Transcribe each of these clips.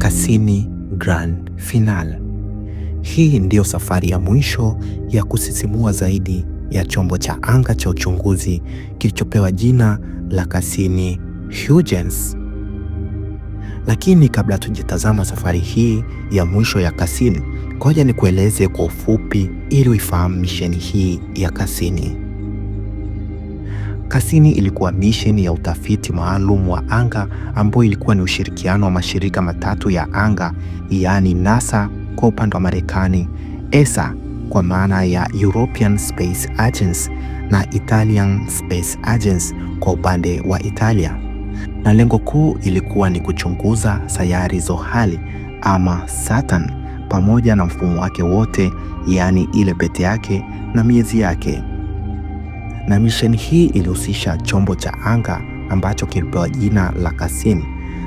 Kasini Grand Final. Hii ndiyo safari ya mwisho ya kusisimua zaidi ya chombo cha anga cha uchunguzi kilichopewa jina la Cassini Huygens. Lakini kabla tujitazama safari hii ya mwisho ya Cassini, ngoja nikueleze kwa ufupi ili uifahamu misheni hii ya Cassini kasini ilikuwa misheni ya utafiti maalum wa anga ambayo ilikuwa ni ushirikiano wa mashirika matatu ya anga, yaani NASA kwa upande wa Marekani, ESA kwa maana ya European Space Agency na Italian Space Agency kwa upande wa Italia, na lengo kuu ilikuwa ni kuchunguza sayari Zohali ama Saturn pamoja na mfumo wake wote, yaani ile pete yake na miezi yake na misheni hii ilihusisha chombo cha anga ambacho kilipewa jina la Kasim,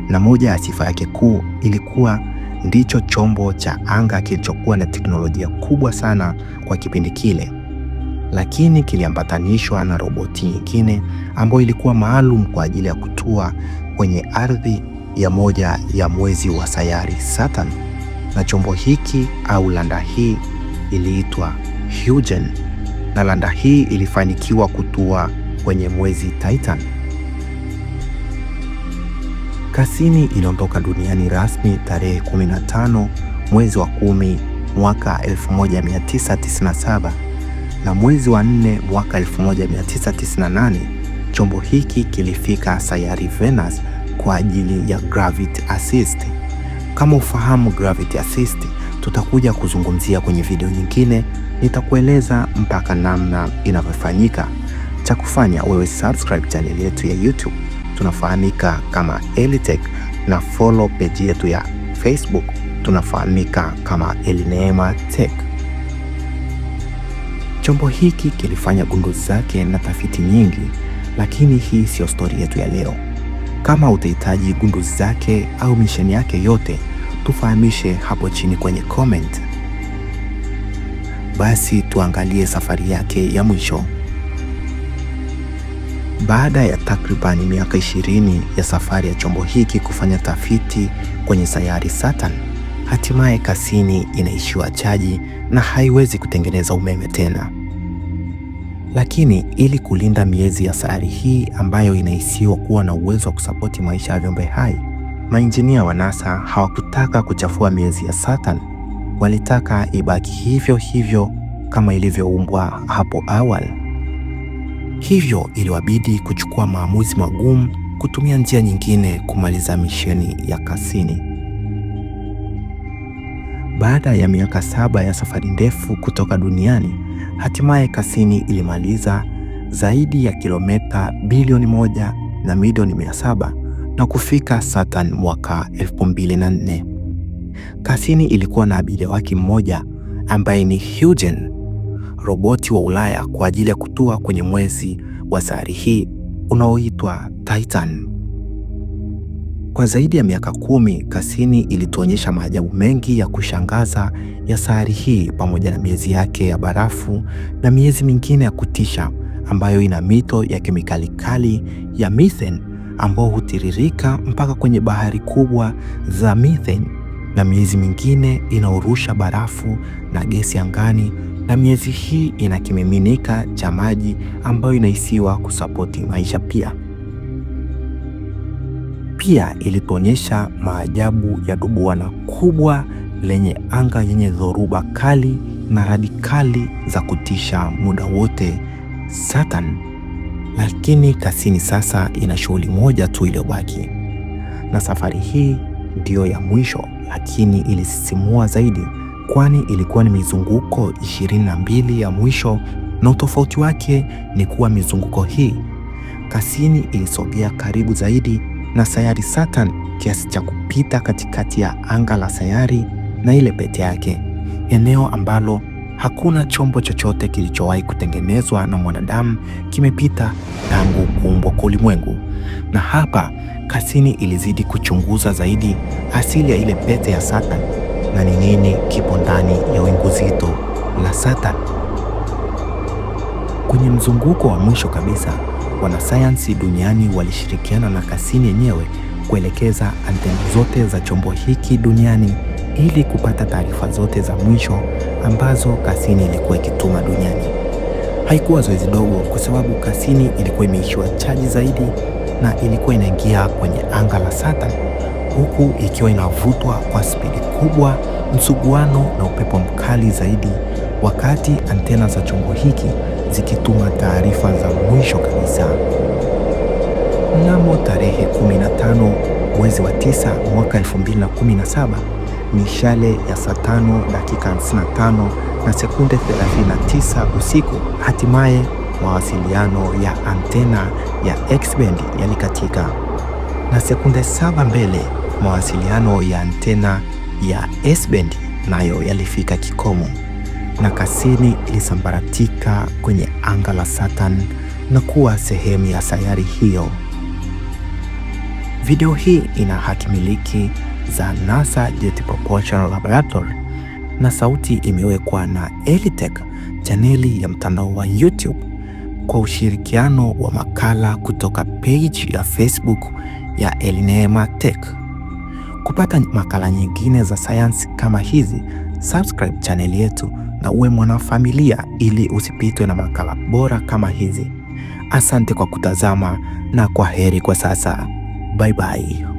na moja ya sifa yake kuu ilikuwa ndicho chombo cha anga kilichokuwa na teknolojia kubwa sana kwa kipindi kile, lakini kiliambatanishwa na roboti nyingine ambayo ilikuwa maalum kwa ajili ya kutua kwenye ardhi ya moja ya mwezi wa sayari Saturn, na chombo hiki au landa hii iliitwa Huygens na landa hii ilifanikiwa kutua kwenye mwezi Titan. Cassini iliondoka duniani rasmi tarehe 15 mwezi wa 10 mwaka 1997 na mwezi wa 4 mwaka 1998 chombo hiki kilifika sayari Venus kwa ajili ya gravity assist. Kama ufahamu gravity assist, tutakuja kuzungumzia kwenye video nyingine nitakueleza mpaka namna inavyofanyika. Cha kufanya wewe subscribe channel yetu ya YouTube, tunafahamika kama Elitech, na follow page yetu ya Facebook, tunafahamika kama Elineema Tech. Chombo hiki kilifanya gunduzi zake na tafiti nyingi, lakini hii siyo stori yetu ya leo. Kama utahitaji gunduzi zake au misheni yake yote, tufahamishe hapo chini kwenye comment basi tuangalie safari yake ya mwisho. Baada ya takribani miaka ishirini ya safari ya chombo hiki kufanya tafiti kwenye sayari Saturn, hatimaye Cassini inaishiwa chaji na haiwezi kutengeneza umeme tena. Lakini ili kulinda miezi ya sayari hii ambayo inahisiwa kuwa na uwezo wa kusapoti maisha ya viumbe hai, mainjinia wa NASA hawakutaka kuchafua miezi ya Saturn walitaka ibaki hivyo hivyo kama ilivyoumbwa hapo awali. Hivyo iliwabidi kuchukua maamuzi magumu, kutumia njia nyingine kumaliza misheni ya Cassini. Baada ya miaka saba ya safari ndefu kutoka duniani, hatimaye Cassini ilimaliza zaidi ya kilometa bilioni moja na milioni mia saba na kufika Saturn mwaka 2004 kasini ilikuwa na abiria wake mmoja ambaye ni Huygens, roboti wa Ulaya kwa ajili ya kutua kwenye mwezi wa sayari hii unaoitwa Titan. Kwa zaidi ya miaka kumi, Cassini ilituonyesha maajabu mengi ya kushangaza ya sayari hii pamoja na miezi yake ya barafu na miezi mingine ya kutisha ambayo ina mito ya kemikali kali ya methane ambao hutiririka mpaka kwenye bahari kubwa za methane na miezi mingine inaurusha barafu na gesi angani, na miezi hii ina kimiminika cha maji ambayo inahisiwa kusapoti maisha pia. Pia ilituonyesha maajabu ya dubuana kubwa lenye anga yenye dhoruba kali na radikali za kutisha muda wote, Saturn. Lakini kasini sasa ina shughuli moja tu iliyobaki, na safari hii ndiyo ya mwisho, lakini ilisisimua zaidi, kwani ilikuwa ni mizunguko 22 ya mwisho, na utofauti wake ni kuwa mizunguko hii kasini ilisogea karibu zaidi na sayari Saturn kiasi cha kupita katikati ya anga la sayari na ile pete yake, eneo ambalo hakuna chombo chochote kilichowahi kutengenezwa na mwanadamu kimepita tangu kuumbwa kwa ulimwengu. Na hapa kasini ilizidi kuchunguza zaidi asili ya ile pete ya Saturn na ni nini kipo ndani ya wingu zito la Saturn. Kwenye mzunguko wa mwisho kabisa, wanasayansi duniani walishirikiana na kasini yenyewe kuelekeza anteni zote za chombo hiki duniani ili kupata taarifa zote za mwisho ambazo kasini ilikuwa ikituma duniani. Haikuwa zoezi dogo, kwa sababu kasini ilikuwa imeishiwa chaji zaidi na ilikuwa inaingia kwenye anga la Saturn huku ikiwa inavutwa kwa spidi kubwa, msuguano na upepo mkali zaidi, wakati antena za chombo hiki zikituma taarifa za mwisho kabisa. Mnamo tarehe 15 mwezi wa 9 mwaka 2017 mishale ya saa 5 dakika 55 na sekunde 39 usiku, hatimaye mawasiliano ya antena ya X-band yalikatika na sekunde saba mbele, mawasiliano ya antena ya S-band nayo yalifika kikomo na kasini ilisambaratika kwenye anga la Saturn na kuwa sehemu ya sayari hiyo. Video hii ina haki miliki za NASA Jet Propulsion Laboratory na sauti imewekwa na Elitech, chaneli ya mtandao wa YouTube kwa ushirikiano wa makala kutoka page ya Facebook ya Elneema Tech. Kupata makala nyingine za sayansi kama hizi, subscribe chaneli yetu na uwe mwanafamilia ili usipitwe na makala bora kama hizi. Asante kwa kutazama na kwa heri kwa sasa. Bye bye.